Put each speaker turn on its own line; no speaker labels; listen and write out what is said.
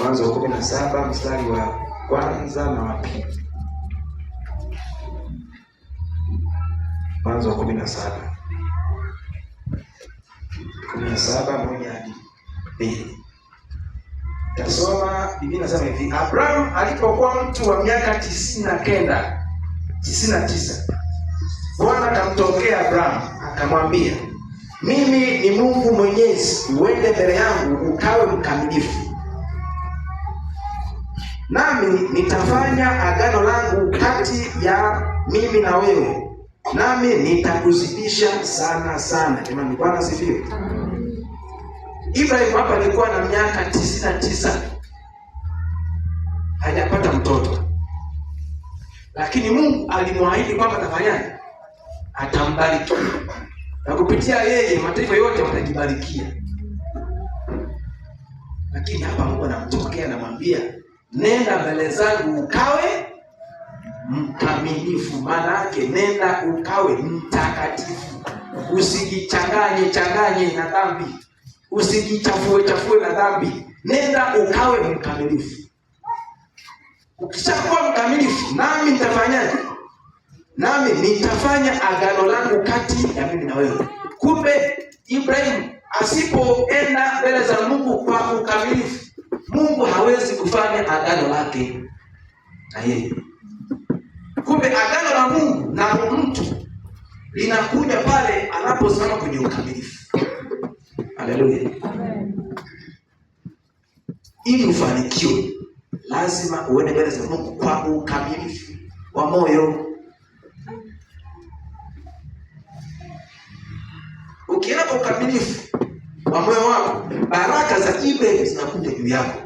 Mwanzo kumi na saba mstari wa kwanza na wa pili. Mwanzo wa kumi na saba kumi na saba moja hadi mbili tasoma. Biblia inasema hivi, Abraham alipokuwa mtu wa miaka tisini na kenda tisini na tisa Bwana akamtokea abraham akamwambia, mimi ni Mungu Mwenyezi, uende mbele yangu ukawe mkamilifu nami nitafanya agano langu kati ya mimi na wewe, nami nitakuzidisha sana sana. Jamani, Bwana asifiwe. Ibrahimu hapa alikuwa na miaka tisini na tisa hajapata mtoto, lakini Mungu alimwahidi kwamba atafanyaje? Atambariki na kupitia yeye mataifa yote watajibarikia. Lakini hapa Mungu anamtokea, anamwambia nenda mbele zangu ukawe mkamilifu. Maana yake nenda ukawe mtakatifu, usijichanganye changanye na dhambi, usijichafue chafue na dhambi. Nenda ukawe mkamilifu. Ukishakuwa mkamilifu, nami nitafanyaje? Nami nitafanya agano langu kati ya mimi na wewe. Kumbe Ibrahimu asipoenda mbele za Mungu kwa ukamilifu Mungu hawezi kufanya agano lake na yeye. Kumbe agano la Mungu na mtu linakuja pale anaposimama kwenye ukamilifu. Haleluya! Ili ufanikiwe, lazima uende mbele za Mungu kwa ukamilifu wa moyo. Ukienda kwa ukamilifu moyo wako, baraka za Ibrahim zinakuja juu yako.